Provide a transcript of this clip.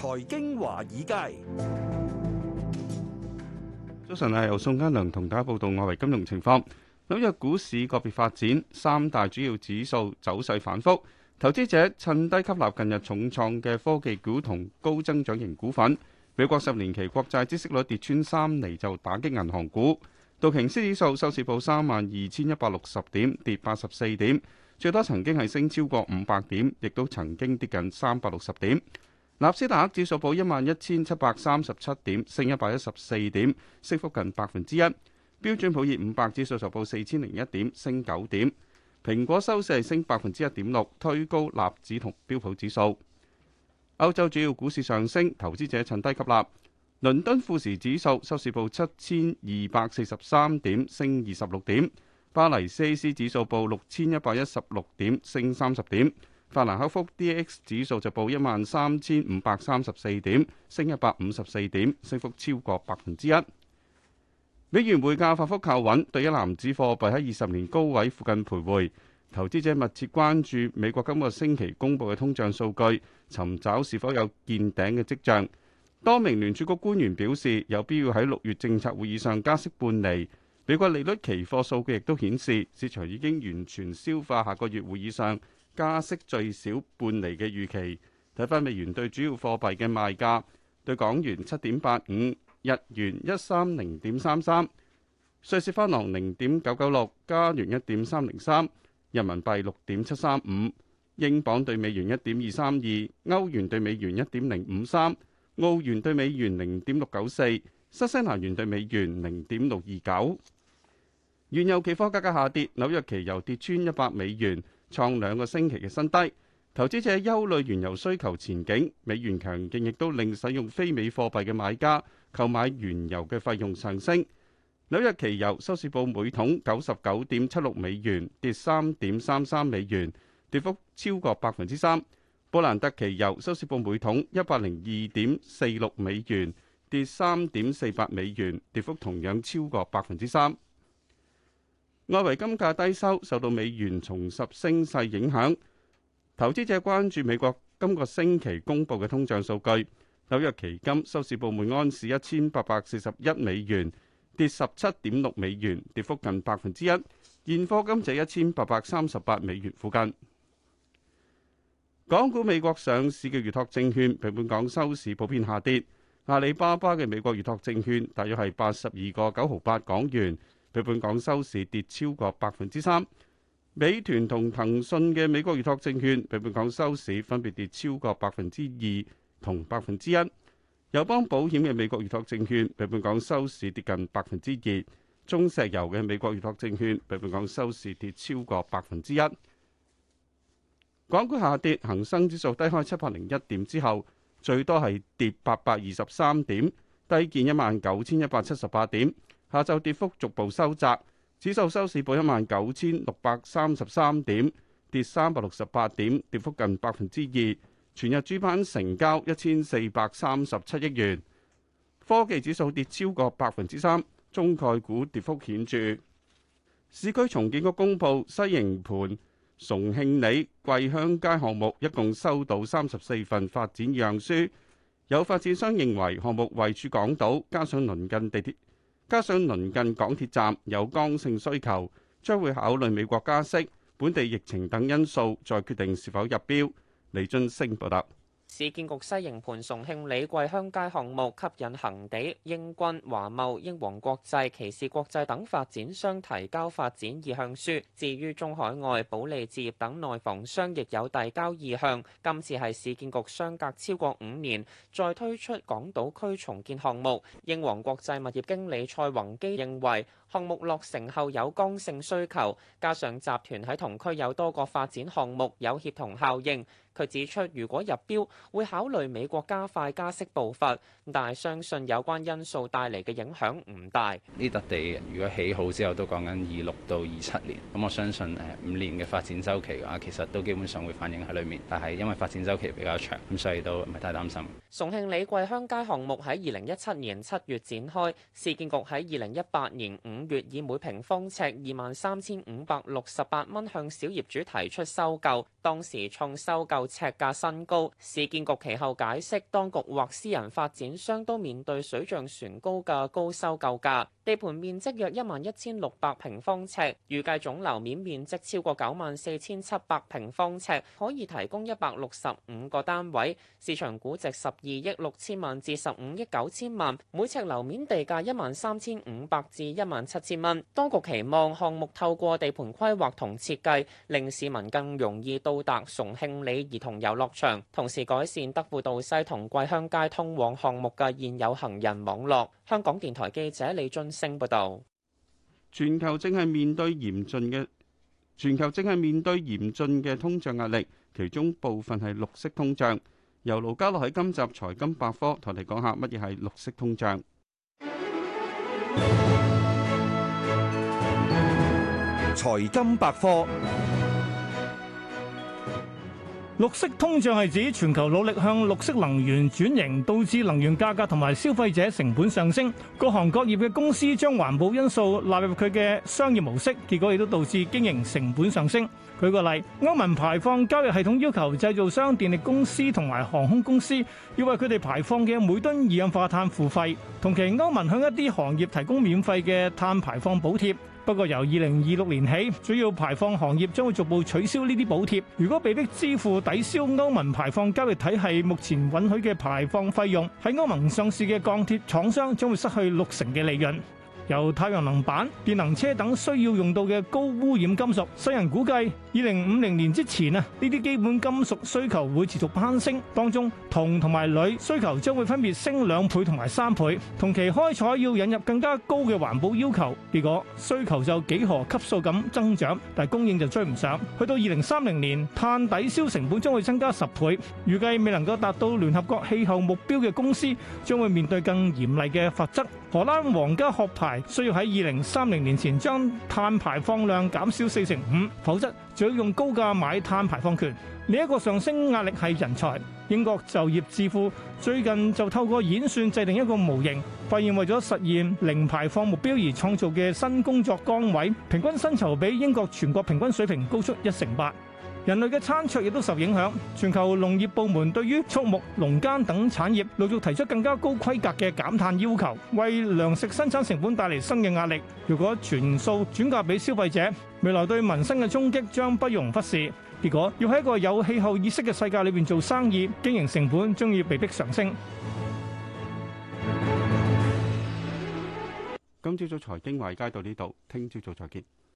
財經華爾街早晨，係由宋嘉良同大家報道外圍金融情況。紐約股市個別發展，三大主要指數走勢反復。投資者趁低吸納近日重創嘅科技股同高增長型股份。美國十年期國債孳息率跌穿三厘，就打擊銀行股。道瓊斯指數收市報三萬二千一百六十點，跌八十四點，最多曾經係升超過五百點，亦都曾經跌近三百六十點。納斯達克指數報一萬一千七百三十七點，升一百一十四點，升幅近百分之一。標準普爾五百指數就報四千零一點，升九點。蘋果收市係升百分之一點六，推高納指同標普指數。歐洲主要股市上升，投資者趁低吸納。倫敦富時指數收市報七千二百四十三點，升二十六點。巴黎 CAC 指數報六千一百一十六點，升三十點。法蘭克福 DAX 指數就報一萬三千五百三十四點，升一百五十四點，升幅超過百分之一。美元匯價發福靠穩，對一籃子貨幣喺二十年高位附近徘徊。投資者密切關注美國今個星期公佈嘅通脹數據，尋找是否有見頂嘅跡象。多名聯儲局官員表示有必要喺六月政策會議上加息半厘。美國利率期貨數據亦都顯示市場已經完全消化下個月會議上加息最少半厘嘅預期，睇返美元對主要貨幣嘅賣價，對港元七點八五，日元一三零點三三，瑞士法郎零點九九六，加元一點三零三，人民幣六點七三五，英鎊對美元一點二三二，歐元對美元一點零五三，澳元對美元零點六九四，新西蘭元對美元零點六二九。原油期貨價格下跌，紐約期油跌穿一百美元。創兩個星期嘅新低，投資者憂慮原油需求前景，美元強勁亦都令使用非美貨幣嘅買家購買原油嘅費用上升。紐約期油收市報每桶九十九點七六美元，跌三點三三美元，跌幅超過百分之三。布蘭特期油收市報每桶一百零二點四六美元，跌三點四八美元，跌幅同樣超過百分之三。外圍金價低收，受到美元重拾升勢影響。投資者關注美國今個星期公布嘅通脹數據。紐約期金收市報每安士一千八百四十一美元，跌十七點六美元，跌幅近百分之一。現貨金則一千八百三十八美元附近。港股美國上市嘅預託證券，平本港收市普遍下跌。阿里巴巴嘅美國預託證券大約係八十二個九毫八港元。比本港收市跌超過百分之三，美團同騰訊嘅美國預託證券，比本港收市分別跌超過百分之二同百分之一。友邦保險嘅美國預託證券，比本港收市跌近百分之二。中石油嘅美國預託證券，比本港收市跌超過百分之一。港股下跌，恒生指數低開七百零一點之後，最多係跌八百二十三點，低見一萬九千一百七十八點。下晝跌幅逐步收窄，指數收市報一萬九千六百三十三點，跌三百六十八點，跌幅近百分之二。全日主板成交一千四百三十七億元，科技指數跌超過百分之三，中概股跌幅顯著。市區重建局公佈，西營盤、崇慶里、桂香街項目一共收到三十四份發展樣書，有發展商認為項目位處港島，加上鄰近地鐵。加上鄰近港鐵站，有剛性需求，將會考慮美國加息，本地疫情等因素，再決定是否入標，李俊升報道。市建局西營盤崇慶里桂香街項目吸引恒地、英軍、華茂、英皇國際、其士國際等發展商提交發展意向書。至於中海外、保利置業等內房商亦有遞交意向。今次係市建局相隔超過五年再推出港島區重建項目。英皇國際物業經理蔡宏基認為，項目落成後有剛性需求，加上集團喺同區有多個發展項目，有協同效應。佢指出，如果入標，會考慮美國加快加息步伐，但係相信有關因素帶嚟嘅影響唔大。呢笪地如果起好之後都講緊二六到二七年，咁我相信誒五年嘅發展周期嘅話，其實都基本上會反映喺裏面。但係因為發展周期比較長，咁所以都唔係太擔心。崇慶里桂香街項目喺二零一七年七月展開，市建局喺二零一八年五月以每平方尺二萬三千五百六十八蚊向小業主提出收購，當時創收購。有呎價新高，市建局其後解釋，當局或私人發展商都面對水漲船高嘅高收購價。地盤面積約一萬一千六百平方尺，預計總樓面面積超過九萬四千七百平方尺，可以提供一百六十五個單位。市場估值十二億六千萬至十五億九千萬，每尺樓面地價一萬三千五百至一萬七千蚊。當局期望項目透過地盤規劃同設計，令市民更容易到達崇慶里兒童遊樂場，同時改善德輔道西同桂香街通往項目嘅現有行人網絡。香港電台記者李俊升報道：全球正係面對嚴峻嘅，全球正係面對嚴峻嘅通脹壓力，其中部分係綠色通脹。由盧家樂喺今集《財金百科》同你講下乜嘢係綠色通脹。財金百科。綠色通脹係指全球努力向綠色能源轉型，導致能源價格同埋消費者成本上升。各行各業嘅公司將環保因素納入佢嘅商業模式，結果亦都導致經營成本上升。舉個例，歐盟排放交易系統要求製造商、電力公司同埋航空公司要為佢哋排放嘅每噸二氧化碳付費。同期歐盟向一啲行業提供免費嘅碳排放補貼。不過由二零二六年起，主要排放行業將會逐步取消呢啲補貼。如果被迫支付抵消歐盟排放交易體系目前允許嘅排放費用，喺歐盟上市嘅鋼鐵廠商將會失去六成嘅利潤。由太陽能板、電能車等需要用到嘅高污染金屬，世人估計二零五零年之前啊，呢啲基本金屬需求會持續攀升，當中銅同埋鋁需求將會分別升兩倍同埋三倍，同期開採要引入更加高嘅環保要求，結果需求就幾何級數咁增長，但供應就追唔上。去到二零三零年，碳抵消成本將會增加十倍，預計未能夠達到聯合國氣候目標嘅公司將會面對更嚴厲嘅罰則。荷蘭皇家殼牌需要喺二零三零年前將碳排放量減少四成五，否則就要用高價買碳排放權。呢一個上升壓力係人才。英國就業智庫最近就透過演算制定一個模型，發現為咗實現零排放目標而創造嘅新工作崗位，平均薪酬比英國全國平均水平高出一成八。人類嘅餐桌亦都受影響，全球農業部門對於畜牧、農耕等產業陸續提出更加高規格嘅減碳要求，為糧食生產成本帶嚟新嘅壓力。如果全數轉嫁俾消費者，未來對民生嘅衝擊將不容忽視。結果要喺一個有氣候意識嘅世界裏面做生意，經營成本將要被逼上升。今朝早財經華爾街到呢度，聽朝早再見。